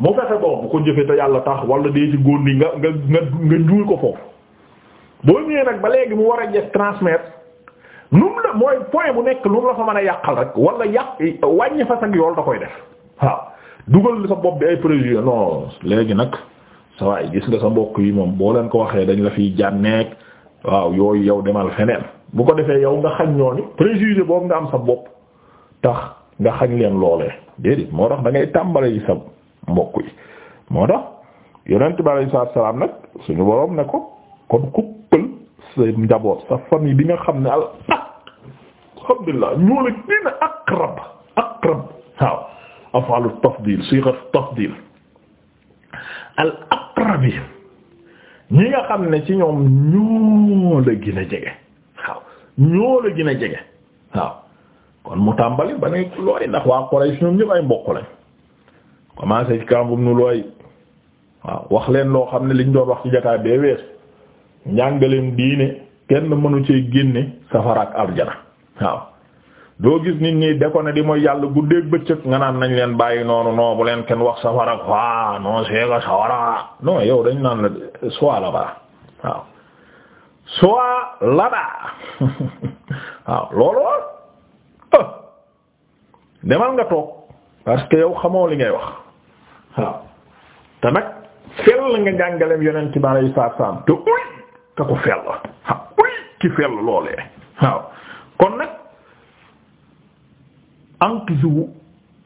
mu fexe boobu ko jëfee te yàlla tax wala dee ci góondi nga nga nga nga njuuy ko foofu boo ñëwee ba léegi mu war a jeex transmettre nu mu la bu nekk lu mu la fa mën a yàqal rek wala yàq wàññi fa sag yool da koy def waaw dugal sa bopp bi ay préjugés non léegi nag sa waay gis nga sa mbokk yi moom boo leen ko waxee dañ la fiy jànneeg waaw yooyu yow demal feneen bu ko defee yow nga xañ ñooñu préjugé boobu nga am sa bopp tax nga xañ leen loolee déedéet moo tax da ngay tàmbale yi sa mbokk yi moo tax yonent bi alayhi salaatu salaam nag suñu boroom ne ko kon kuppal sa njaboot sa famille bi nga xam ne al alhamdulillah ñoo la gën a aqrab aqrab waaw af'alu tafdil sighatu tafdil al aqrabi ñi nga xam ne ci ñoom ñoo la gën a jege waaw ñoo la gën a jege waaw kon mu tàmbali ba ne looy ndax waa Quraysh ñoom ñëpp ay mbokk lañ commencé ci Kaab ibn Luway waaw wax leen loo xam ne liñ doon wax ci jataay bee wees njàngaleen diine kenn mënu ci génne safara ak aljana waaw doo gis nit ñi de di mooy yàlla guddeeg bëccëg nga naan nañ leen bàyyi noonu non bu leen kenn wax safara waa ah, non seega sawara non yow dañu naan la soit là bas waaw soit là bas waaw loolu demal nga toog parce que yow xamoo li ngay wax waaw te nag fell nga jàngaleem yonent bi alayhi salaam te uy ka ko fell ha uy ki fell loolee waaw kon nag anqidhu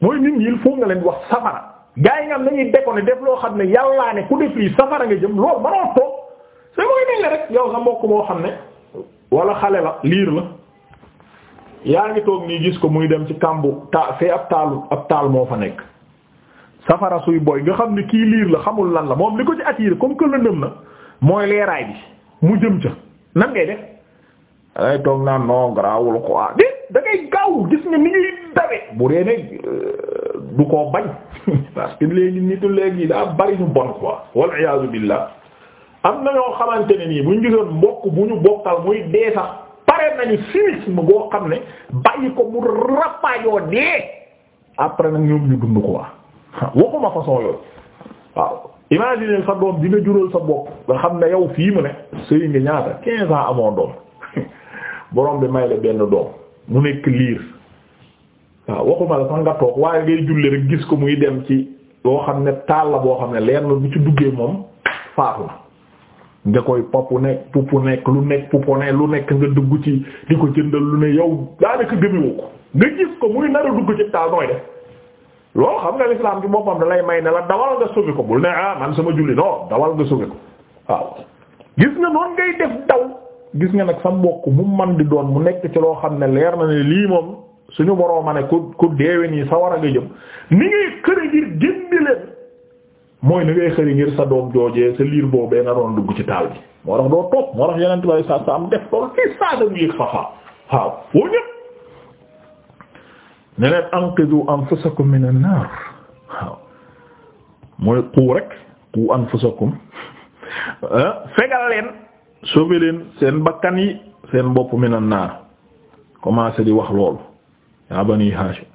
mooy nit ñi il faut nga leen wax safara gaa yi nga am nañuy dekkoon def loo xam ne yàllaa ne ku def lii safara nga jëm loolu manoo toog sa mooy mel rek yow sa mbokk moo xam ne wala xale la liir la yaa ngi toog nii gis ko muy dem ci kàmbu ta fee ab taalu ab taal moo fa nekk safara suy boy nga xam ne kii liir la xamul lan la moom li ko ci attiré comme que lëndëm na mooy leeraay bi mu jëm ca nan ngay def ay toog naan non garaawul quoi di da gaaw gis nga ni ngi dawe bu dee euh, du koo bañ parce que léegi nitu léegi daa bari ñu bon quoi wal iyaazu billah am na ñoo xamante ne nii buñ ñu gisoon mbokk bu ñu bokkal muy dee sax pare nañu cynisme goo xam ne bàyyi ko mu rapaajoo dee après nag ñoom ñu dund quoi waxuma façon yooyu waaw imagine sa doom di nga sa bopp nga xam ne yow fii mu ne sëy nga ñaata quinze ans amoon doom borom bi may la benn doom mu nekk liir waaw waxuma la sax nga toog waaye ngay julli rek gis ko muy dem ci loo xam ne taal la boo xam ne leer na ci duggee moom faatu na nga koy popp nekk pupp nekk lu nekk puppone lu nekk nga dugg ci di ko jëndal lu ne yow daanaka gëmiwoo ko nga gis ko muy nar a dugg ci taal nooy def loolu xam nga l'islam bi boppam da lay may ne la dawal nga sauver ko bu ne ah man sama julli non dawal nga sauver ko waaw gis nga noonu ngay def daw gis nga nag sa mbokk mu man di doon mu nekk ci loo xam ne leer na ne lii moom suñu borooma ne ku ku deewe nii sa war a nga jëm ni ngay xëre ngir génne leen mooy ni ngay xëri ngir sa doom joojee sa liir boobee nga doon dugg ci taal bi moo tax doo toog moo tax yeneen tubaab yi sa am def loolu ci ne leen anqidu anfusakum min an-nar waaw mooy qu rek qu anfusakum eh, fegal leen sauver leen seen bakkan yi seen bopp min an-nar commencé di wax loolu yaa bani Hashim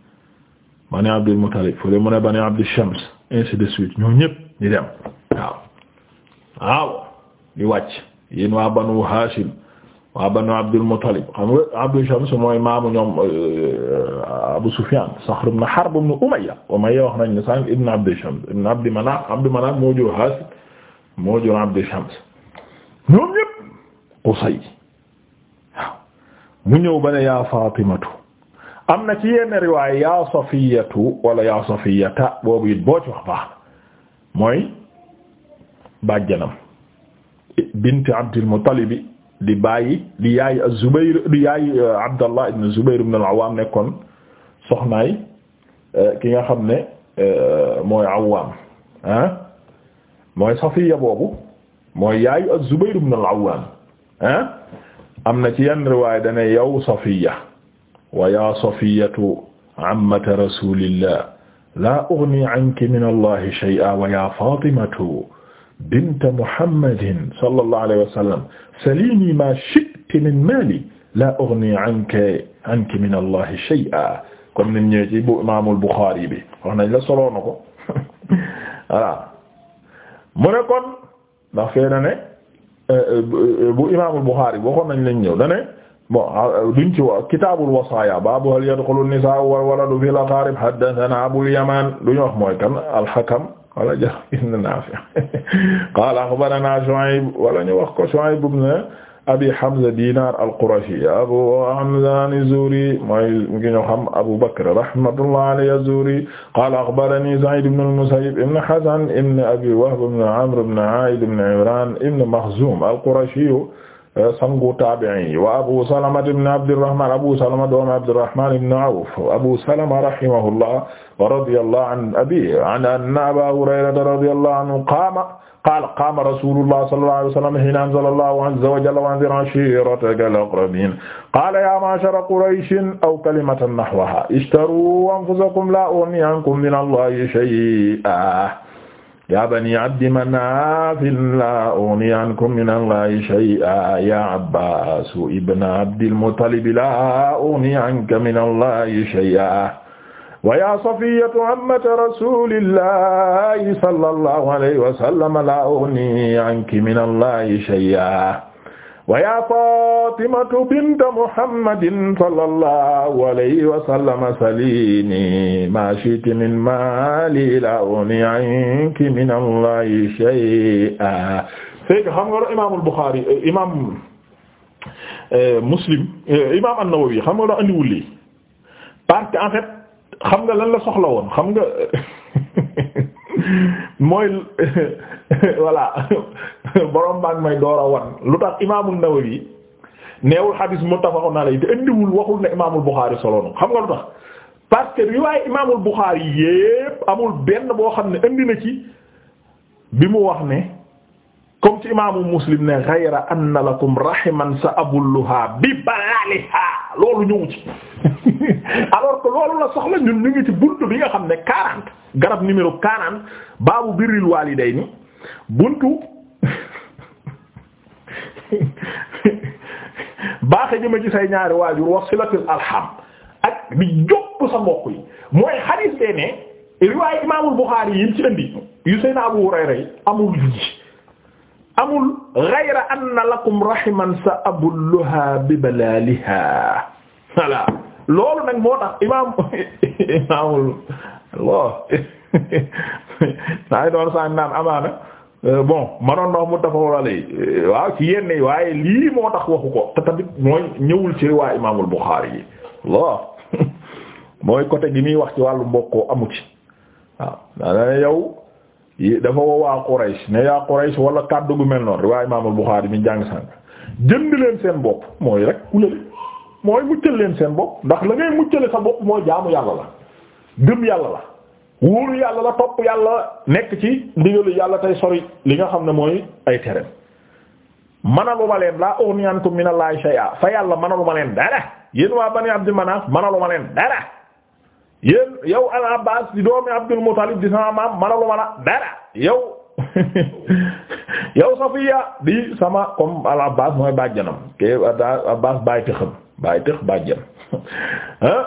bani Abdul Muttalib fële mu ne bani Abdul Shams ainsi de suite ñoo ñëpp di dem waaw waaw di wàcc yéen waa banu Hashim waa banu Abdul Muttalib xam nga Abdu Shams mooy maamu ñoom euh, Abu Sufyan Saxr ibn Harb ibn Umayya Umayya wax nañ ne sànq ibn Abdu Shams ibn Abdi Manaf Abdi Manaf moo jur Haasib moo jur Abdu Shams ñoom ñëpp Qusay waaw mu ñëw ba ne yaa Fatimatu am na ci yenn riwaay yaa Safiyatu wala yaa Safiyata boobu it boo ci wax baax mooy bàjjanam bint Abdul Muttalib di bàyyi di yaay Zubayr di yaay euh, Abdallah ibn Zubayr ibn al-Awwam nekkoon soxnaay euh, ki nga xam ne euh, mooy Awwam ah mooy Safiya boobu mooy yaay az-Zubayr ibn al-Awwam ah am na ci yenn riwaay dana yow Safiya wa yaa Safiyatu ammata rasulillah laa ughni anki min allahi shay'an wa yaa Fatimatu bint Muhammadin sallallahu alayhi wa sallam salini ma shi'ti min mali la ughni anki anki min Allah shay'a comme ni mu ñëwee ci bu imaamul Buxaari bi wax nañ la solo na ko voilà mu ne kon ndax fee na ne eh, eh, bu imaamul Buxaari bi waxoon nañ lañ ñëw da ne bon duñ ci wax kitaabul wasaaya baabu hal yadxulu nisaa'u wal waladu fil aqaarib haddathanaa Abul Yamaan duñu wax mooy kan al-Hakam wala Jabir ibn Nafi qala akhbarana Shu'ayb wala ñu wax ko Shu'ayb ibn Abi Hamza Dinar al-Qurashi Abu Hamza az-Zuhri mooy ngi ñu xam Abu Bakr rahmatullahi alayhi az-Zuhri qala akhbarani Sa'id ibn al-Musayyib ibn Hazn ibn Abi Wahb ibn Amr ibn A'id ibn Imran ibn Makhzum al-Qurashi sangu taabi'i wa abu salama ibn abdirrahman abu salama doomu abdirrahman ibn awf abu salama rahimahullah wa radiyallahu an abihi an anna aba hurayrata radiyallahu anhu qaama qaala qaama rasulullah sallallahu alayhi wa sallam hiina anzala allahu azza wa jalla wa anzir ashiratak al-aqrabin qaala ya ma'shara qurayshin aw kalimatan nahwaha ishtaru anfusakum la ughni ankum min allahi shay'an ya bani abdi manafin la ugni ankum min allahi shay'a ya abbasu ibna abdilmutalibi la ugni anka min allahi shay'a wa ya safiyatu ammati rasulillahi sallallahu alayhi wa sallam la ugni anki min allahi shay'a wa ya fatimatu bint muhammadin sallallahu alayhi wa sallam salini ma shiti min mali la uni anki min allahi shay'a fekk xam nga loo imaamul Buxaari imaam eh, Muslim eh, imaam an-Nawawi xam nga loo andiwul lii parce que en fait xam nga lan la soxla woon xam nga mooy voilà borom baa may door a wan lu tax imaamul Nawawi neewul xadiis muttafaqun alayhi te indiwul waxul ne imaamul Buxaari solo xam nga lu tax parce que riwaay imaamul Buxaari yépp amul benn boo xam ne indi na ci bi mu wax ne comme ci imaamu Muslim ne ghayra anna lakum rahiman loolu ci la soxla ñun ñu ngi ci buntu bi nga xam ne 40 garab numéro 40 baabu birril waalidayni buntu baaxe jëma ci say ñaari waajur wax silatul alham ak di jokk mooy xadiis bee riwaay imaamul Buxaari yi yim ci Abu Hurayra amul lii amul ghayra anna lakum rahiman sa bi balaliha voilà loolu nag moo tax Allah naa doon saan naan amaana Euh, bon manoon na wax muttafaqun alayhi euh, waaw ci yenn yi waaye lii moo tax waxu ko te tamit mooy ñëwul ci riwaaya imaamul Buxaari yi Allah mooy côté gi muy wax ci wàllu mbokkoo amu ci waaw daana yow dafa woo waa Quraysh ne yaa Quraysh wala kàddu gu mel noonu riwaaya imaamul Buxaari mi jàng sànk jënd seen bopp mooy rek kulale mooy muccal leen seen bopp ndax la ngay muccale sa bopp mooy jaamu yàlla la gëm yàlla la wóolu yàlla la topp yàlla nekk ci ndigalu yàlla tey sori li nga xam ne mooy ay tereem manaluma leen laa ughni ankum minallahi shay'a fa yàlla manaluma leen dara yéen waa bani abdi manaf manaluma leen dara yéen yow al abbas di doomi abdul muttalib di sama maam manaluma la dara yow yow safiya di sama comme al abbas mooy bàjjanam ke abbas bàyyi tëxam bàyyi tëx bàjjan ah,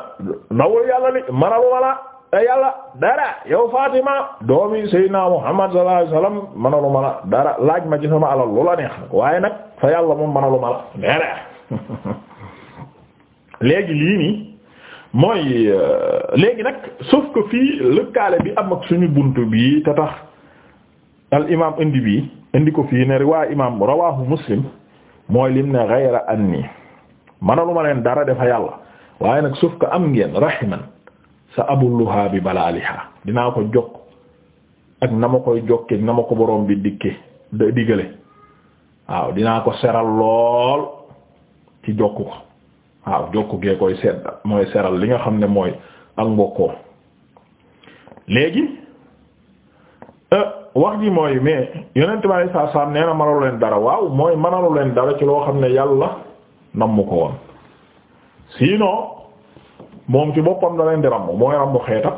nawul yàlla li manaluma yàlla dara yow Fatima doomi Seydina Muhammad sallallahu alayhi wasallam mënalu ma la dara laaj ma ci sama alal lu la neex waaye nag fa yàlla moom mënalu ma la dara léegi lii mooy euh, léegi nag sauf que fii lëkkaale bi am ak suñu bunt bi te tax al imaam indi bii indi ko fii ne riwaa imaam rawaahu Muslim mooy lim ne ghayra anni mënalu ma leen dara dafa yàlla waaye nag sauf que am ngeen rahiman sa abulluha bi balaliha dinaa ko jokk ak na ma koy jokke na ma ko borom bi dikke digale waaw dinaa ko seral lool ci jokk ko waaw jokk gee koy sedd mooy seral li nga xam ne mooy ak mbokkoo léegi euh, wax ji mooy mais yonent bi saa saa nee na manalu leen dara waaw mooy manalu leen dara ci loo xam ne yàlla nam mu ko woon sinon moom ci boppam da di rammu mooy rammu xeetam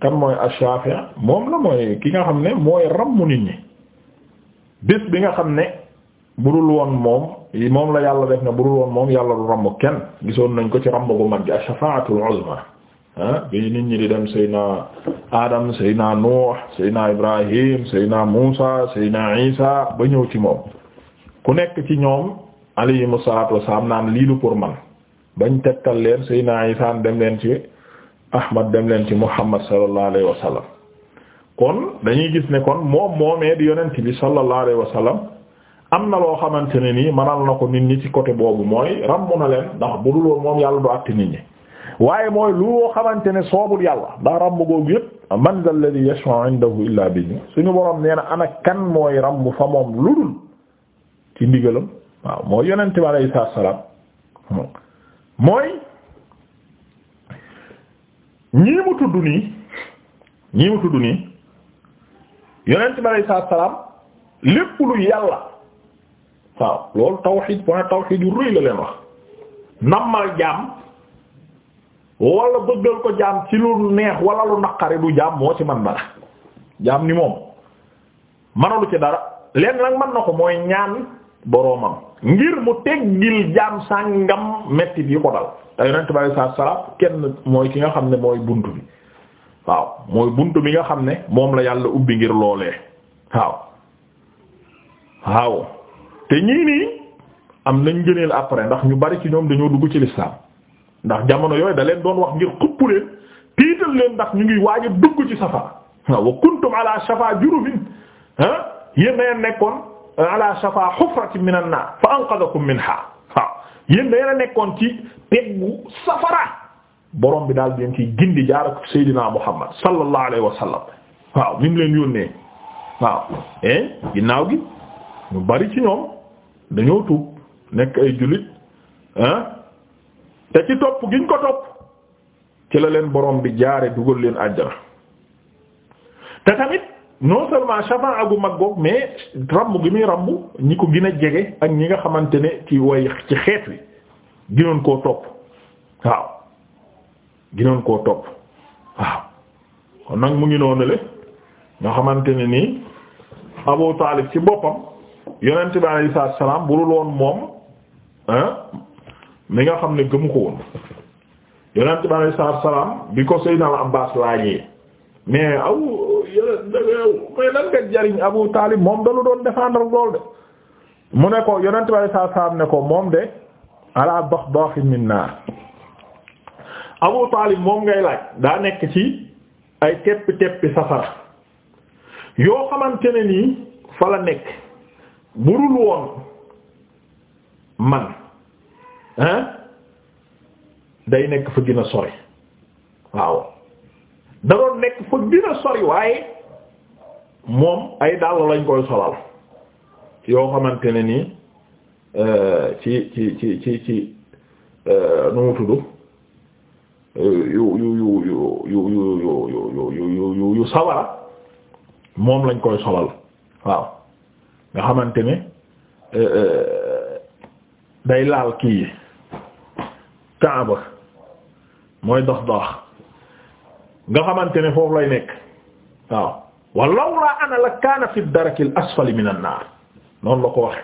kan mooy ash-Shafi moom la mooy ki nga xam ne mooy rammu nit ñi bés bi nga xam ne budul woon moom moom la yàlla def ne budul woon moom yàlla du rammu kenn gisoon nañ ko ci rammu bu mag gi ash-shafa'atul uzma ah nit ñi di dem Seyna Adam Seyna Nuh Seyna Ibrahim Seyna Musa Seyna Isa ba ñëw ci moom ku nekk ci ñoom alayhimu salaatu wassalaam naan lii lu pour man bañ tegtal leen Seydina Isa dem leen ci Ahmad dem leen ci Muhammad sallallahu alayhi wa sallam kon dañuy gis ne kon moom moomee di yonent bi sallallahu alayhi wa sallam am na loo xamante ne nii manal na ko nit ñi ci côté boobu mooy ràmm na leen ndax bu dul moom yàlla du àtt nit ñi waaye mooy lu loo xamante ne soobul yàlla ndax ràmm googu yëpp man zal ladhi yashfa'u 'indahu illaa bi'izni suñu borom nee mooy ràmm fa moom lu dul ci ndigalam mooy ñii mu tudd nii ñii mu tudd nii yonent bi alayhi salaatu salaam lépp lu yàlla waaw loolu tawxiid point tawxiid yu rëy la leen wax nammal jaam wala bëggal ko jaam ci lu neex wala lu naqari du jaam moo ci man dara jaam ni moom manalu ci dara leen nag man na ko mooy ñaan boroomam ngir mu teggil jaam sàngam metti bi ko dal te yonent bi alayhi salaam kenn mooy ki nga xam ne mooy bunt bi waaw mooy bunt bi nga xam ne moom la yàlla ubbi ngir loolee waaw waaw te ñii nii am nañ gëneel après ndax ñu bari ci ñoom dañoo dugg ci lislaam ndax jamono yooyu da leen doon wax ngir xupp leen tiital leen ndax ñu ngi waaj dugg ci safara waaw wa kuntum ala shafa jurufin ah yéen nekkoon ala shafa hufratin minan nar fa anqadhakum minha waaw yéen da ngeen a nekkoon ci peggu safara borom bi daal di leen ciy gindi jaara ko Seydina Muhammad sallallahu alayhi wa sallam leen yónnee waaw. Eh, ginnaaw gi ñu bari ci ñoom dañoo tuub nekk ay jullit ah te ci topp giñ ko topp ci leen borom bi jaare dugal leen àjjana te tamit. non seulement shafaa gu mag goog mais ramb gi muy ramb ñi ko gën a jege ak ñi nga xamante ne ci way ci xeet wi ginoon koo topp waaw ginoon koo topp waaw kon nag mu ngi noonule nga xamante ne nii Abu ci boppam yonent bi alayhi salaatu wa salaam bu dul woon moom mi nga xam ne gëmu ko woon yonent bi alayhi salaatu ko Seydina Abbaas laajee mais aw yooyu lan nga jariñ Abu Taalib moom dalu doon défendre lool de mu ne ko yonent bi saa saam ne ko moom de ala baxbaaxin min naar Abu Taalib moom ngay laaj daa nekk ci ay teppi teppi safara yoo xamante ne nii fa la nekk burul woon man hein day nekk fa gën a sori waaw da doon nekk fa dina sori waaye moom ay dàll lañ koy solal yoo xamante ne nii ci ci ci ci ci nu mu tudd yu yu yu yu yu yu yu yu yu yu sawara moom lañ koy solal waaw nga xamante ne day laal kii kaaba mooy dox dox nga xamante ne foofu lay nekk waaw walawlaa ana la kaana fi darakil asfali min an naar noonu la ko wax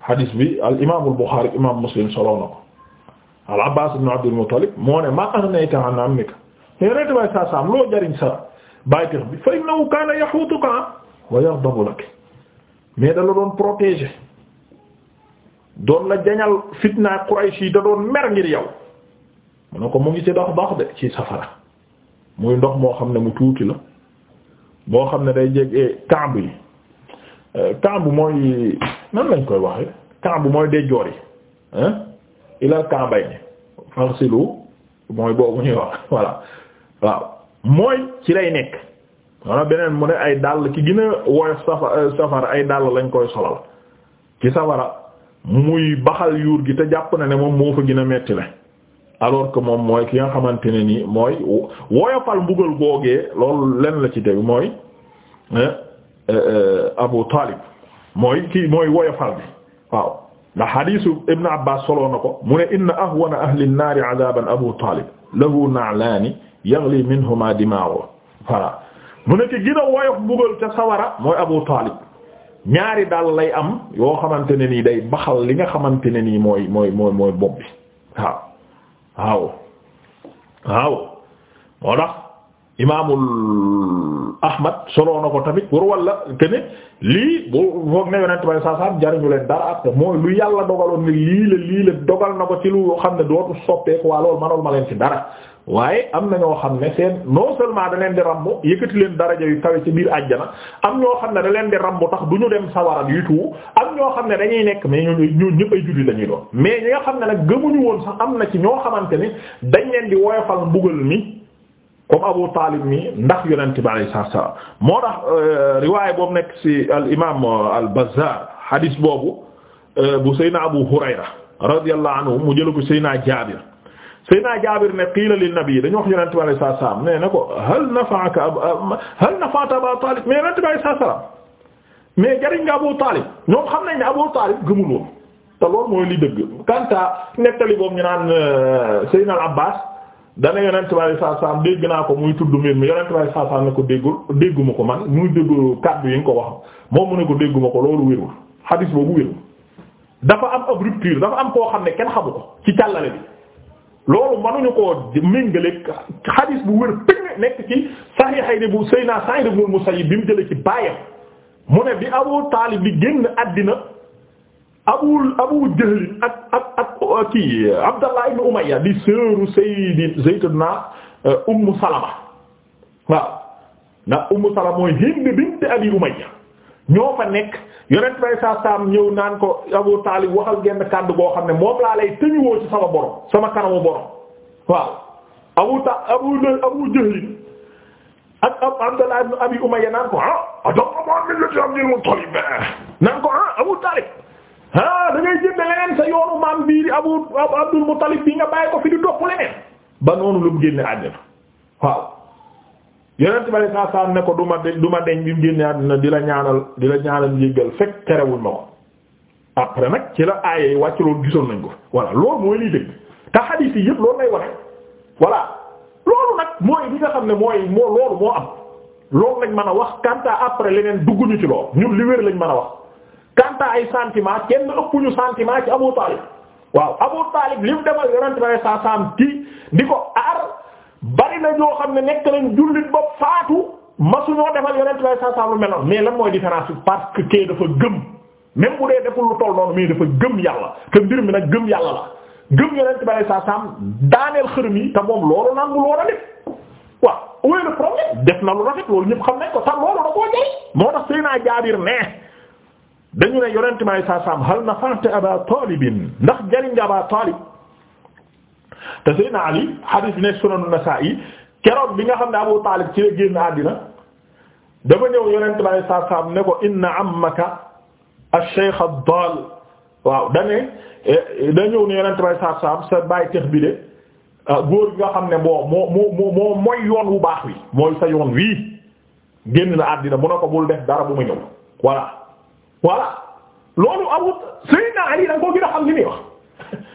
hadis bi al imam al buxaari imam muslim solo na ko al abbas ibn abdul muttalib moo ne maa aghnayta an ammika rete eh, bay sa sam loo jariñ sa bàytix bi fa innahu kaana yahuutuka wa yaghdabu lak mais da la doon protéger doon la jañal fitna qurayshi da doon mer ngir yow mu ne ko mu ngi ci dox dox de ci safara muy ndox moo xam ne mu tuuti la boo xam ne day jege kamb yi kamb mooy nan lañ koy waxee kamb mooy déjjoor yi hein ilal kambay ni farsilu mooy boobu ñuy wax voilà waaw mooy ci lay nekk wala beneen mu ne ay dàll ki gën a woyof safa euh, safara ay dàll lañ koy solal ci safara muy baxal yuur gi te jàpp na ne moom moo fa gën a metti la alors que moom mooy ki nga xamante ne ni mooy woyofal mbugal googe loolu lenn la ci tegu mooy eh, eh, Abu Talib mooy kii mooy woyofal bi waaw ndax hadisu Ibn Abbas na ko mu ne inna ahwana ahli nnaari adaban Abu Talib lahu na'laani yaghli minhuma dimaa'uhu voilà mu ne ki gën a woyof ca sawara mooy Abu Talib ñaari daal lay am yoo xamante ne nii day baxal li nga xamante ne nii mooy mooy mooy mooy waaw waaw waaw moo tax imaamul Ahmad solo na ko tamit pour walla que ne lii bu foog ne yonent bay saa saam jariñu leen dara ak mooy lu yàlla dogaloon ne lii la lii la dogal na ko ci lu xam ne dootu soppeeku waa loolu manoon ma leen ci dara waaye am na ñoo xam ne seen non seulement da leen di rambu yëkkati leen daraja yu kawe ci biir àjjana am ñoo xam ne da leen di rambu tax du ñu dem sawara yu tuuti am ñoo xam ne dañuy nekk mais ñooñu ñëpp ay julli la ñuy mais ñi nga xam ne nag gëmuñu woon sax am na ci ñoo xamante ni dañ leen di woyofal mbugal mi comme Abu Talib mi ndax yonent bi alayhi salaam moo tax euh, riwaay boobu nekk si al imaam euh, al Bazzar hadis boobu euh, bu Seyna Abu Hurayra radiyallahu anhu mu jël ko Seyna Jaabir Seydina Jaabir ne qiila lin nabi dañoo wax yonent bi alayhi salaam nee na ko hal nafa'aka hal nafa'aka Abaa Taalib mais yonent bi alayhi salaam mais jariñ nga Abu Taalib ñoom xam nañ ne Abu Taalib gëmul woon te loolu mooy li dëgg. Kanta nettali boobu ñu naan euh, Seydina Abbaas dana yonent bi alayhi salaam dégg naa ko muy tudd mbir mi yonent bi alayhi salaam ne ko déggul dégguma ko man muy dégg kàddu yi nga ko wax moom mu ne ko dégguma ko loolu wérul xadiis boobu am ab rupture am koo xam ne kenn xamu ko loolu mënuñu koo méngale xadis bu wér péng nekk ci saxiixayni bu Seydina Sa'iid ibn Musayyib bi mu jëlee ci baayam mu ne bi Abu Taalib di génn àddina abu abu Jahl ak ak ak kii Abdallah ibn Umayya di seeru Sayyidi Sayyidina euh, Salama waaw ndax Salama mooy Hind bint Abi Umayya ñoo nekk. yonent bay saa saam ñëw naan ko Abu Taalib waxal genn kàddu goo xam ne moom laa lay tëñuwoo ci sama borom sama kanamu borom waaw Abu Ta Abu Abu Jahl ak Abdallah ibn Abi Umayya naan ko ah adama millati Abdul Muttalib naan ko ah Abu Taalib ah da ngay jënd leneen sa yoonu maam biiri Abu Abdul Muttalib bi nga bàyyi ko fi di dopp leneen ba noonu lu mu génne àddina waaw yonent bari saa saa ne ko du ma deñ du ma deñ bi mu génne àddina di la ñaanal di la ñaanal njéggal fekk terewul ma ko après nag ci la aaya yi wàcc loolu gisoon nañ ko voilà loolu mooy liy dëgg te xadiis yi yëpp loolu lay waxe voilà loolu nag mooy li nga xam ne mooy moo loolu moo am loolu lañ man a wax quant après leneen dugguñu ci loolu ñun li wér lañ mën a wax quant ay santiment kenn ëpp ñu sentiment ci Abu waaw Abu Talib li mu defal yonent bari saa saam ci di ko aar bari na ñoo xam ne nekk nañ jullit ba faatu masuñoo defal yonent way sa saabu meloon mais lan mooy différence bi parce que dafa gëm même bu dee deful lu toll noonu mais dafa gëm yàlla te mbir mi nag gëm yàlla la gëm yonent bay sa saam daaneel xërëm yi te moom loolu nangu loolu def waaw wéy problème def na lu rafet loolu ñëpp xam nañ ko tax loolu da koo moo tax sëy naa Jaabir ne dañu ne yonent bay sa saam hal nafa'ta Aba Talib ndax jëriñ nga Aba te Seydina Ali hadith bi nekk Nasa'i keroog bi nga xam ne Abu Talib ci la génn àddina dafa ñëw yonent bi saa saam ne ko inna ammaka ash-shaykh ad-dal waaw da ne eh, eh, da ñëw ne yonent bi saa saam sa bàyyi tex bi de ah, góor gi nga xam ne moo moo moo moo mooy yoon wu baax wi mooy sa yoon wii génn na àddina mu ne ko bul def dara bu ma ñëw voilà voilà loolu amut Seydina Ali da koo gën a xam li muy wax.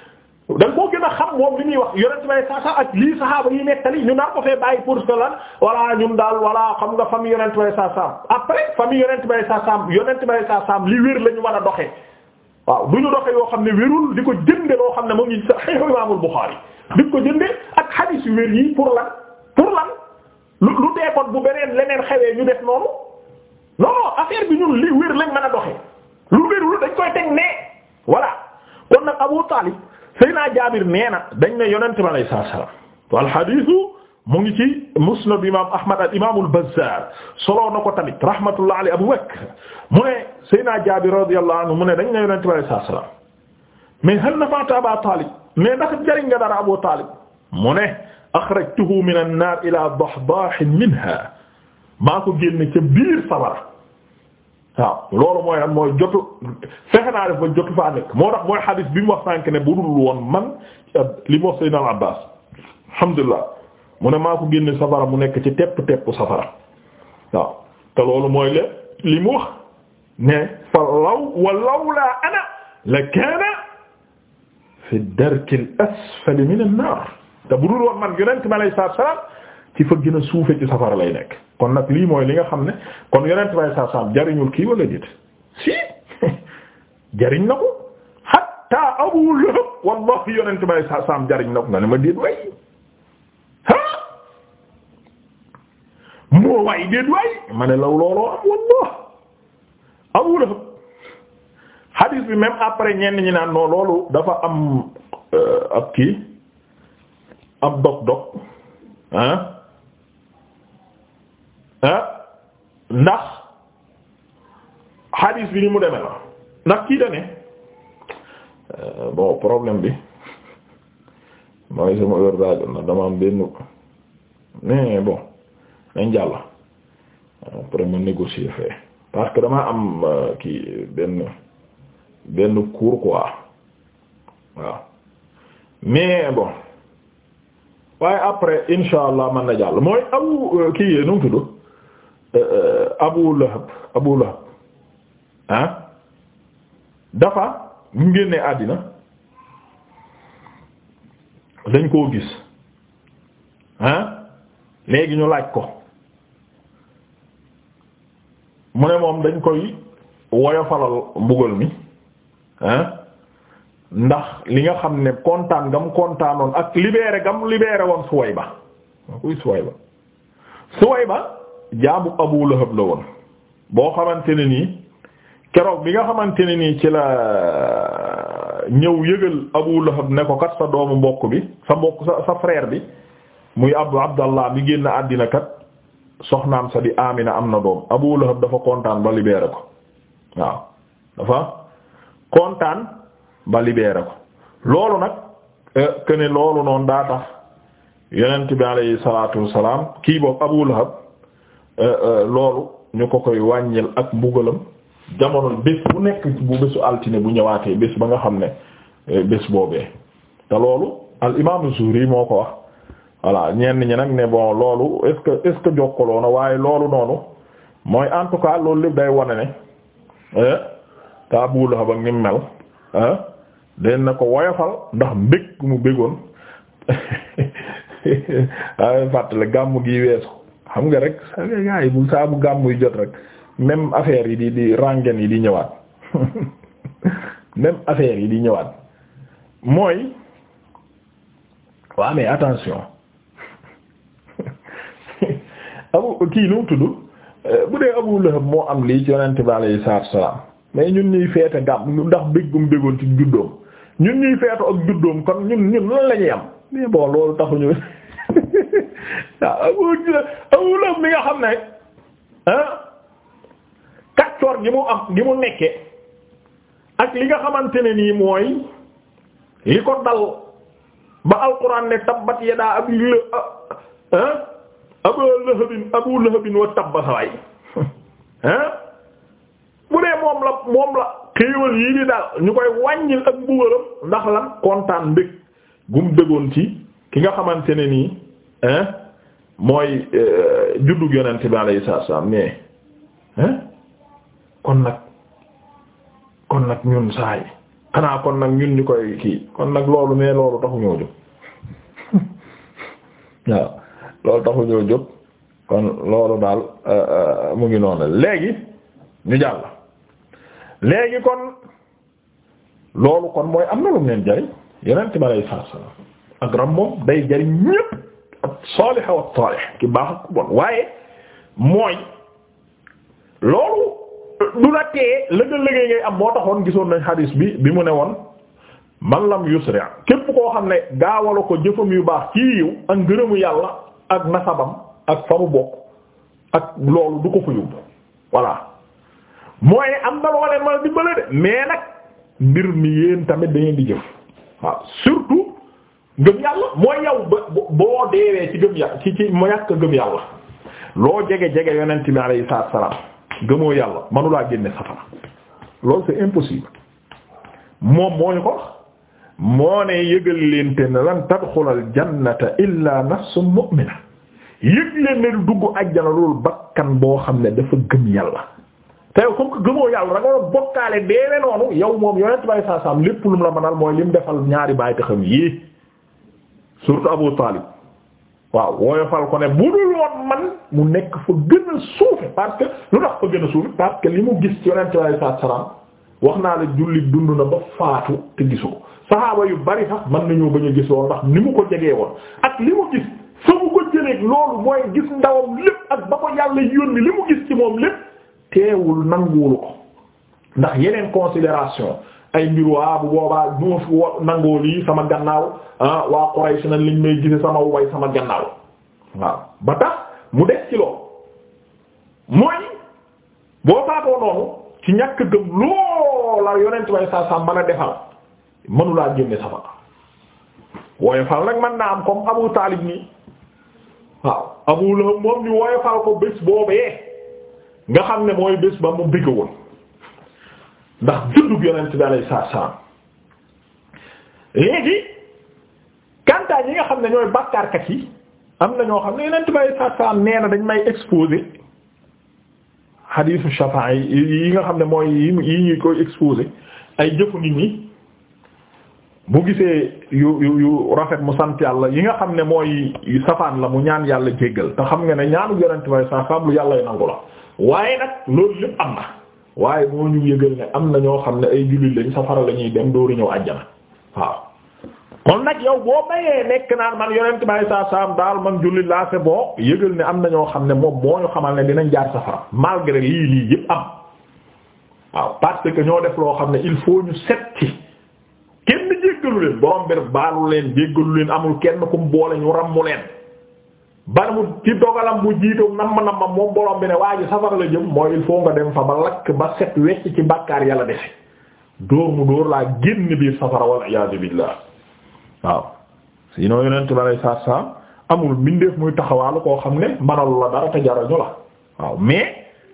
da nga koo gën a xam moom li muy wax yonent bay saa saa ak lii saxaaba yi nettali ñu nar ko fee bàyyi pour que walla ñun daal walla xam nga famille yonent bay saa saam après famille yonent bay saa saam yonent bay saa saam li wér la ñu a doxe waaw du ñu doxee yoo xam ne wérul di ko jënde loo xam ne mu ngi Sahih Imaamul Buxaari di ko jënde ak xadiis yu wér yi pour lan pour lan lu lu dee kon bu beneen leneen xewee ñu def noonu non non affaire bi ñun li wér lañ mën a doxee lu wérul dañ koy teg ne voilà kon nag Abu Seyna Jaabir nee na dañ ne yonent bi alayhi salaam wal hadiisu mu ngi ci musnad imaam Ahmad al imaam al Bazzaar soloo na ko tamit rahmatullah alayhi Abu Bakr mu ne Seyna Jaabir radiyallahu anhu mu ne dañ ne yonent bi alayhi salaam mais hal nafa'ta Abaa Taalib mais ndax jariñ nga dara Abu Taalib mu ne axrajtuhu min an-naar ilaa dahdaah minhaa maa ko génne ca biir safara waaw loolu mooy lan mooy jotu fexe naa def ba jotu faa moo tax mooy xadis bi mu wax sànk ne bu dul woon man euh, li mu wax Seydina al Abbaas alhamdulilah mu ne maa ko génne safara mu nekk ci tepp tepp safara waaw loolu mooy li mu wax ne fa law wa lawlaa ana la kaana fi darki al asfali min an naar te bu dul man yonent bi alayhi salaatu wa salaam ci fa gën a suufe ci safara lay nekk kon nag lii mooy li nga xam ne kon yonent bay sa sam jariñul kii wala déet si jariñ na ko hatta Abu Lahab wallahi yonent bay sa sam jariñ na ko nga ne ma déet way ha moo way déet way ma ne law looloo am wallah Abu Lahab hadis bi même après ñenn ñi naan non loolu dafa am euh, ab kii ab dog dog ndax hadis bi ni mu demee la ndax kii da euh, bon problème bi mooy sama heure rajo na dama am benn bon nañ jàll après ma négocier fee parce que dama am euh, kii benn benn cours waaw mais bon waaye après insha allah man na jàll mooy aw euh, kii yee nu Euh, Abu Lahab Abu Lahab ah dafa mu génnee àddina dañ koo gis ah léegi ñu laaj ko mu ne moom dañ koy woyofalal mbugal mi ah ndax li nga xam ne kontaan nga mu kontaanoon ak libéré nga mu libéré woon Suwayba ma koy Suwayba Suwayba jaamu Abu Lahab la woon boo xamante ne nii keroog bi nga xamante ne nii ci la euh, ñëw yëgal Abu Lahab ne sa doomu mbokk bi sa mbokk sa sa bi muy Abu Abdallah mi génn àddina kat soxnaam sa di Amina am na doom Abu Lahab dafa kontaan ba libéré ko waaw dafa kontaan ba libéré ko loolu nag euh, que loolu noonu daa tax yonent bi alayhi salaatu wassalaam kii boobu Abu Lahab Euh, euh, loolu ñu ko koy wàññil ak mbugalam jamono bés bu nekk bu bésu altine bu ñëwaatee bés ba nga xam ne euh, bés boobee te loolu al imaamu Zuhri moo ko wax voilà ñenn ñi nag ne bon loolu est-ce que na waaye loolu noonu mooy en tout cas loolu lépp day wane ne te Abu Lahab mel den na ko woyofal ndax mbég mu bégoon ay fàttale gàmm gi weesu xam nga rek bu saa bu gàmmuy jot rek même affaire yi di di rengen yi di ñëwaat même affaire yi di ñëwaat mooy waa mais attention abu kii nu tudd euh, bu dee Abu Lahab moo am lii ci yonent bi alayhi salaatu salaam mais ñun ñuy feete gàmm ndax béggum béggoon ci juddoom ñun ñuy feetu ak juddoom kon ñun ñun lan la am mais bon loolu taxuñu abu lahab mi nga xam ne ah, kaccoor gi mu am gi mu nekke ak li nga xamante ne nii mooy li ko dal ba alquran ne tabbat yadaa abi la ah abu lahabin abu lahabin wa tabba saway ah bu dee moom la moom la xéewal yii di daal ñu koy wàññil ak mbugalam ndax lan kontaan mbég gum dëggoon ci ki nga xamante ne nii hein mooy euh, juddug yonent bi alayhi salaam mais hein kon nag kon nag ñun saa yi xanaa kon nag ñun ñu koy kii kon nag loolu mais loolu taxu ñoo jóg waaw loolu taxu jóg kon loolu daal euh, euh, mu ngi noonu léegi ñu jàll léegi kon loolu kon mooy am na lu mu leen jariñ yonent bi alayhi salaam ak ram moom day jariñ ñépp salih wa talih ki baax ak ku bon waaye mooy loolu du la tee lëgël lëgëy ngay am moo taxoon gisoon nañ hadis bi bi mu ne woon man lam yusri képp koo xam ne gaawala ko jëfam yu baax kii yiw ak ngërëmu yàlla ak nasabam ak fa mu bokk ak loolu du ko fa yóbbu voilà mooy am na loo leen a dimbale de mais nag mbir mi yéen tamit da di jëf waaw surtout gëm yàlla mooy yow ba boo deewee ci gëm yàlla ci ci mu ñàkk gëm yàlla loo jege jege yonent bi alayhi salaam gëmoo yàlla manulaa génne safara loolu c'est impossible moom moo ñu ko moo ne yëgal ne lan tadxulal jannata illa nafsun mu'mina yëg leen ne dugg ajjana loolu bakkan boo xam ne dafa gëm yàlla te yow comme que gëmoo yàlla da nga bokkaale deewee noonu yow moom yonent bi alayhi salaam lépp lu mu la mënal mooy lim defal ñaari baay taxam yi surtout Abu Talib waaw woyofal ko ne bu dul woon man mu nekk fa gën a suufe parce que lu tax fa gën a suufe parce que li mu gis ci yonent sallallahu alayhi wasallam wax naa la jullit dund na ba faatu te gisu yu bari mën nañoo bañ gis loolu ndax ni mu ko jegee woon ak li mu gis fa mu ko jëleeg loolu mooy gis ndawam lépp ak ba ko yàlla yónni li mu gis ci moom lépp teewul nanguwulu ko ndax yeneen considération ay mbir waa bu boobaa du ma fi nangoo lii sama gannaaw ah waa Quraysh nañ liñ may gise sama woy sama gannaaw waaw ba tax mu des ci loolu mooy boo faatoo noonu ci ñàkk gëm loola yonent way sa sa mën a defal mënulaa génne safara woyofal nag mën naa am comme Abu Taalib nii waaw Abu Lahab moom ni woyofal ko bés boobee nga xam ne mooy bés ba mu bëgg woon ndax juddug yonent bi alayhi salaam léegi kantaa yi nga xam ne ñooy bàkkaarkat yi am na ñoo xam ne yonent bi alayhi salaam nee na dañ may exposer xadiisu shafaa yi yi nga xam ne mooy yi ñuy koy ay jëfu nit ñi yu yu mu sant yàlla yi nga xam ne mooy safaan la mu ñaan yàlla jéggal te xam nga ne ñaanu yonent bi alayhi salaam lu yàlla nangu la waaye nag loolu lépp am na waaye moo ñu yëgal ne am na ñoo xam ne ay jullit lañ safara la ñuy dem dooru ñëw àjjana waaw kon nag yow boo bayee nekk naan man yonent bay saa saam daal man jullit laa c'est bon yëgal ne am na ñoo xam ne moom moo ñu xamal ne dinañ jaar safara malgré lii lii yëpp am waaw parce que ñoo def loo xam ne il faut ñu setti kenn jéggalu leen borom bi baalu leen jéggalu leen amul kenn kum boole ñu rammu leen bari mu ci dogalam bu jiitoo nam nam ma moom borom bi ne waa safara la jëm mooy il faut nga dem fa ba lakk ba set wecc ci bàkkaar yàlla defe dóor mu dóor laa génn biir safara wal iyaadu billaah waaw sinon yonent ba lay saar amul mbindeef muy taxawaalu koo xam ne manalu la dara te jarañu la waaw mais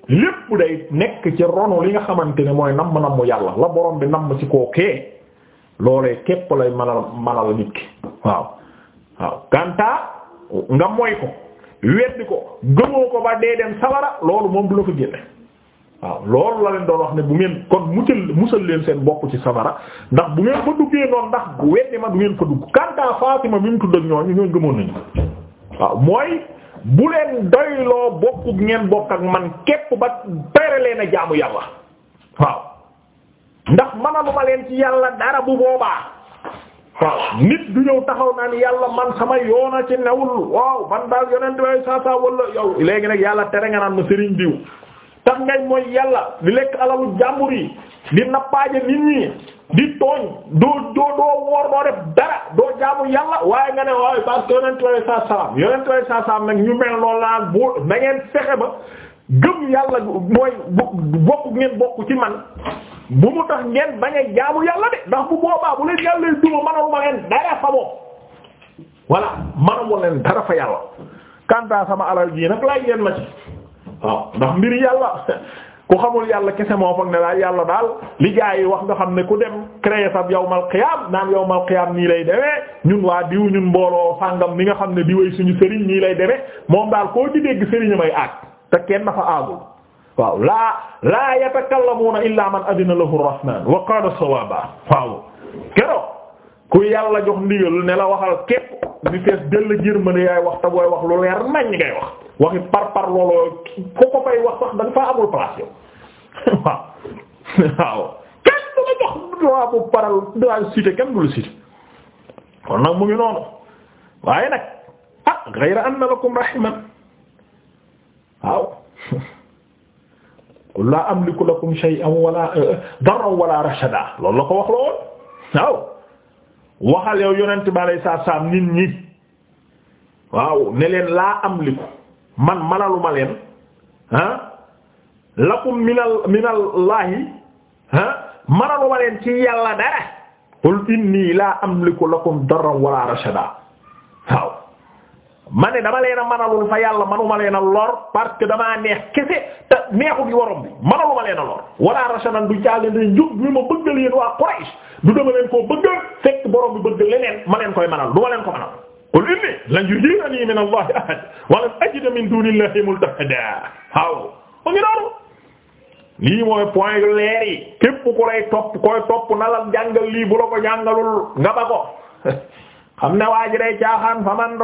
lépp day nekk ci ronu li nga xamante ne mooy namm namm yàlla la borom bi namm ci kookee loolee képp lay manal manal nit ki waaw waaw kanta nga moy ko weddi ko gëmoo ko ba dee dem sawara loolu moom du la ko génne waaw loolu la leen doon wax ne bu ngeen kon muccal musal leen seen bopp ci sawara ndax bu ngeen ko duggee noonu ndax weddi ma du ngeen fa dugg kanta ma mi mu tudd ak ñooñu ñooñu gëmoon nañu waaw mooy bu leen doyloo bokku ngeen bokk ak man képp ba tere leen a jaamu yàlla waaw ndax manaluma leen ci yàlla dara bu boobaa waaw nit du ñëw taxaw naan yàlla man sama yoona ci newul waaw man daal yonent way saa saa yow léegi nag yàlla tere nga naan ma sëriñ diw tax ngañ mooy yàlla di lekk alalu jàmbur yi di nappaaje nit ñi di tooñ doo doo doo woor doo def dara doo jaamu yàlla waaye nga ne waaye parce que yonent way saa yonent way saa nag ñu mel loolu laa boo na ngeen fexe ba gëm yàlla mooy bokk ngeen bokk ci man bu mu tax ngeen bañ a jaamu yàlla de ndax bu boobaa bu leen yàlla duma manamu ma leen dara fa moom voilà manamu leen dara fa yàlla kanta sama alal ji nag laaj ngeen ma ci waaw ndax mbir yàlla ku xamul yàlla kese moo foog ne daal yàlla daal li gaa wax nga xam ne ku dem créé sa yawmal qiyaam naan yawmal qiyaam nii lay demee ñun waa diw ñun mbooloo sàngam mi nga xam ne di way suñu sëriñ nii lay demee moom daal koo di dégg sëriñ may aat te kenn dafa aagul waaw laa laa yatakallamuuna illaa man adina lahu rahmaan wa qaala sawaaba waaw keroog ku yàlla jox ndigal ne la waxal képp ni fees dell jërmane yaay wax te booy wax lu leer nañ ngay wax waxi par par looloo ko ko fay wax sax da nga faa amul place yow waaw kenn du la jox droit bu paral droit cité kenn du la cité kon nag mu ngi noonu waaye nag ah ghayra anna lakum rahiman waaw laa amliku lakum shay'an wala euh, darran wala rashada loolu la ko wax la woon waaw waxal yow yonent bi alayhi salaam nit ñi waaw ne leen laa amliku man manaluma leen ah lakum minal minallaahi ah manaluma leen ci yàlla dara qul inni laa amliku lakum darran wala rashada ma ne dama leen a manalul fa yàlla manuma leen a lor parce que damaa neex kese te neexu bi warom bi manaluma leen lor wala rachadan du jàlleen ne njub bi ma bëggal yéen waa Quraysh du dama leen koo bëggal fekk borom bi bëgg leneen ma leen koy manal du ma leen ko manal qul inni lan yujirani min allah ahad wa lan ajida min dunillahi multahada waaw mu ngi lii mooy point leer képp ku lay topp koy topp na la jàngal lii bu la ko jàngalul nga ba am na waa ji caaxaan fa man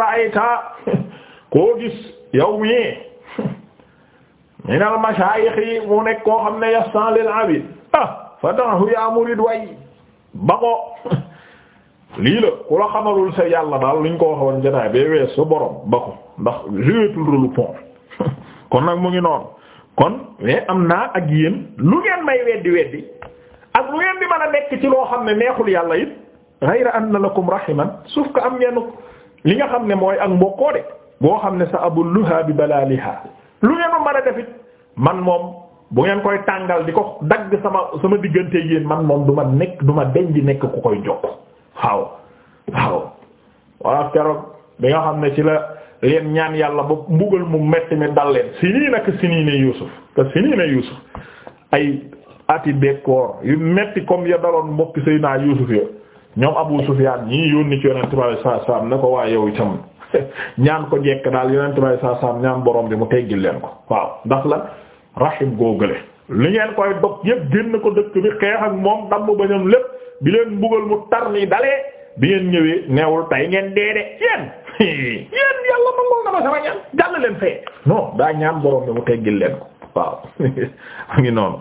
koo gis yow mii min al mashaayikh yi mu nekk koo xam ne yastan lil abid ah fa da'hu yaa murid way ba ko lii la ku la xamalul sa yàlla daal luñ ko waxoon jotaay bee wees sa borom ba ko ndax jouetul rôle pont kon nag mu ngi noonu kon mais am naa ak yéen lu ngeen may weddi weddi ak lu ngeen di mën a nekk ci loo xam ne neexul yàlla it ghayra anna lakum rahiman sauf que am ngeen li nga xam ne mooy ak mbokkoo de boo xam ne sa abul abulluha bi balaliha lu ngeen ma mën a man moom bu ngeen koy tàngal di ko dagg sama sama diggante yéen man moom du ma nekk du ma deñ di nekk ku koy jokk waaw waaw walla keroog bi nga xam ne ci la leen ñaan yàlla ba mbugal mu metti mi dal leen si nii nag si nii ne Yuusuf te si nii ne Yuusuf ay ati bekkoor yu metti comme ya daloon mbokki Seydina Yuusuf ñoom Abu Sufyaan ñii yónni ci yonent bi saa saam ne ko waaye yow itam ñaan ko jekk daal yonent bi saa saam ñaan borom bi mu teggil leen ko waaw ndax la rahim góogale li ngeen koy dog yépp génn ko dëkk bi xeex ak moom damm bañam lépp bi leen mbugal mu tar nii dalee bi ngeen ñëwee neewul tey ngeen dee de yéen yéen yàlla nangul na ma sama ñaan jàll leen fee non daa ñaan borom bi mu teggil leen ko waaw mu ngi noonu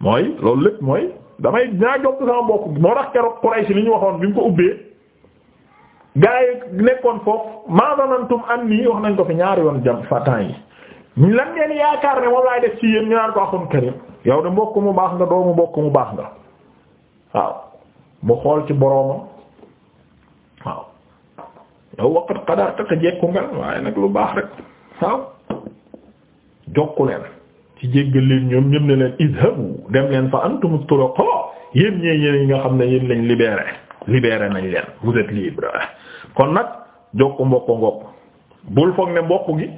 mooy loolu lépp mooy damay ñaa jokk sama mbokk moo tax keroog Quraysh li ñu waxoon bi mu ko ubbee gaa yi nekkoon foofu ma zanantum anni wax nañ ko fi ñaari yoon jam fatan yi ñu lan ngeen yaakaar ne moom laay def ci yéen ñu ko axun karim yow de mbokk mu baax nga doomu mbokk mu baax nga waaw mu xool ci boroomam waaw yow waqat xadaar takk jekku nga waaye nag lu baax rek waaw jokku leen ci jéggal leen ñoom ñoom ne leen idhabu dem leen fa antum tulaqa yéen ñee yéen yi nga xam ne yéen lañ libéré libéré nañ leen vous kon nag jokku mbokk mbokk bul foog ne mbokk gi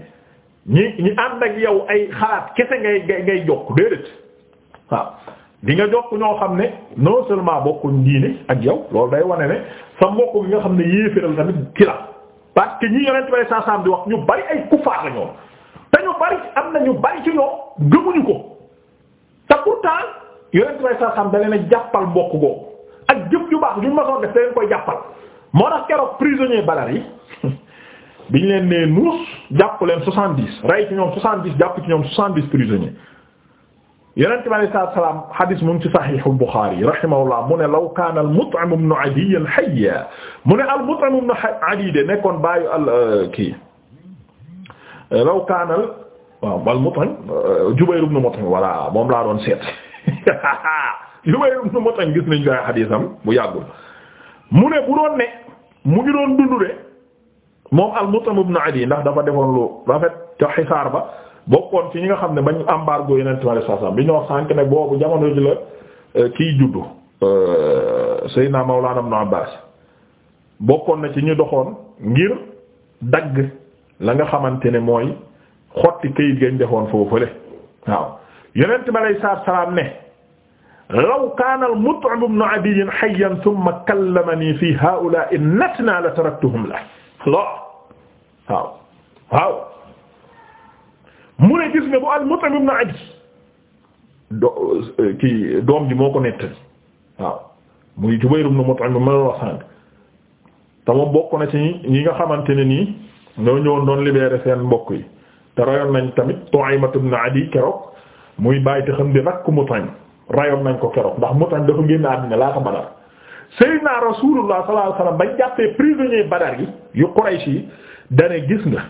ñi ñi ànd ak yow ay xalaat kese ngay ngay ngay jokk déedéet waaw di nga jokk ñoo xam ne non seulement bokkuñ diine ak yow loolu day wane ne sa mbokk gi nga xam ne yéeféral tamit ci la parce que ñi yonent bay sa sam di wax ñu bari ay kufaar la ñoom te ñu bari am na ñu bari ci ñoom gëmuñu ko te pourtant yonent bi saa xam da leen jàppal mbokk googu ak jëf ju baax ma soon def da leen koy jàppal moo tax keroog prisonnier Badar yi biñ leen nee nuus jàpp leen soixante-dix rey ci ñoom soixante-dix jàpp ci ñoom soixante-dix prisonniers yonent bi alayhi salaatu salaam hadis mu ngi ci Sahih al-Bukhari rahimahullah mu ne law kaana al-Mut'im ibn Adiy hayyan mu ne al-Mut'im ibn Adiy de nekkoon baayu al kii law kaanal waaw wal Mut'im Jubayr ibn Mut'im voilà moom laa doon seet Jubayr ibn Mut'im gis nañ koy xadiisam bu yàggul mu ne bu doon ne mu ngi doon dundu de moom al Mut'im ibn Adi ndax dafa defoon lu rafet xisaar ba bokkoon ci ñi nga xam ne bañ embargo yeneen time ale saasam bi ñoo sànk ne boobu jamono ji la euh, kiy juddu euh, Seydina Mawlana Ibn Abbas bokkoon na ci ñu doxoon ngir dagg la nga xamante ne mooy xotti kayit gañ defoon foofule waaw yonent bi alayhi salaatu salaam ne law kaana al-Mut'im ibn Adiy hayyan thumma kallamani fi haa'ulaa'i natnaa la taraktuhum lahu waaw waaw mu ne gis nga bu al-Mut'im ibn Adiy do kii doom ji moo ko nettali waaw muy Jubayr ibn Mut'im ma la wax sànq te moom bokk na ci ñi nga xamante ne nii. ñoo ñëwoon doon libéré seen mbokk yi te rayoon nañ tamit Tu'aymat ibn Adi keroog muy bàyyi te xam di rakk Mutaym rayoon nañ ko keroog ndax Mutaym dafa génn àddina laata Badar Seydina Rasulullah sallallahu alayhi wasallam bañ jàppee prisonnier Badar yi yu Quraysh yi dane gis nga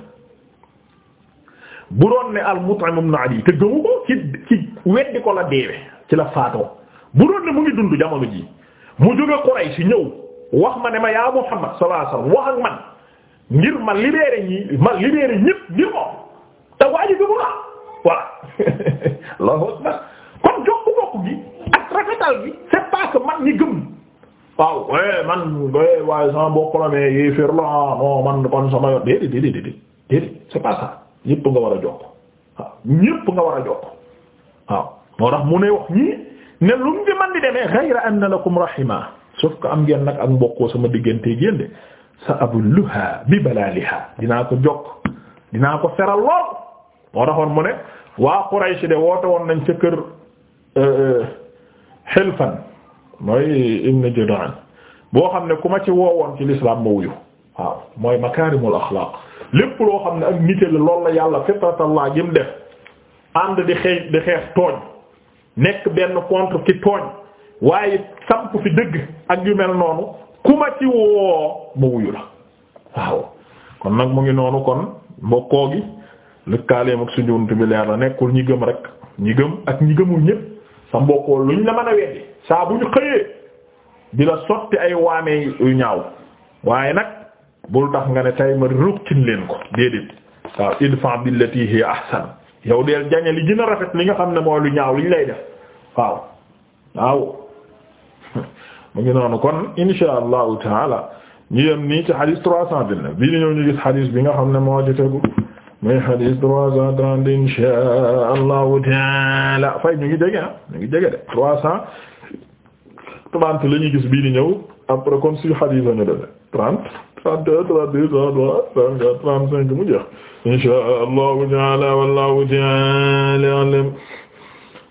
bu doon ne al Mutaym ibn Adi te gëmu ko ci ci weddi ko la deewe ci la faatoo bu doon ne mu ngi dund jamono ji mu jóge Quraysh ñëw wax ma ne ma yaa Muhammad sallallahu wax ak man ngir ma libéré ñi ma libéré ñëpp ngir moom te waa ji gëmu la voilà loolu nag kon jokku bokk gi ak rafetal gi c'est pas man ñi gëm waaw eh, man eh, waaye sama bokk la mais yéy fér la ah, man kon sama yoon déedéet déedéet déedéet déedéet c'est pas ça ñëpp nga war a jokk waaw nga war a jokk waaw moo tax mu ne wax ñii ne lu mu ngi man di demee ghayra anna lakum rahima sauf que am ngeen nag ak mbokkoo sama diggante génde sa abulluha bi balaliha dinaa ko jokk dinaa ko feral lool moo taxoon mu ne waa Quraysh de woote woon nañ ca kër xilfan euh, euh, mooy ibn Judaan boo xam ne ku ma ci woowoon ci l'islam ma wuyu waaw mooy makaarimul axlaaq lépp loo xam ne ak nite la la yàlla fitratallah jëm def ànd di xeex di xeex tooñ nekk benn contre ki tooñ waaye samp fi dëgg ak yu mel noonu ku ma ci woo ma wuyu la waaw kon nag mu ngi noonu kon mbokkoo gi lëkkaaleem ak suñu wunt bi leer la nekkul ñi gëm rek ñi gëm ak ñi gëmul ñépp sa mbokkoo luñ la mën a weddi saa bu ñu xëyee di la sotti ay waame yu ñaaw waaye nag bul tax nga ne tay ma rukkin leen ko déedéet waaw idfa billati hiya ahsan yow deel jañe li a rafet li nga xam ne mooy lu ñaaw liñ lay def waaw waaw mu ngi noonu kon insha allahu taala ñu yem nii ci xadis trois cent dix-neuf bii ñëw ñu gis xadis bi nga xam ne moo ci tegu muy xadis trois cent trente insha allahu taala fay ñu ngi jege ah ñu ngi jege trois cent trente la ñu gis bii di ñëw après comme si xadis la ñu defe trente trente mu jeex insha allahu taala wallahu taala alam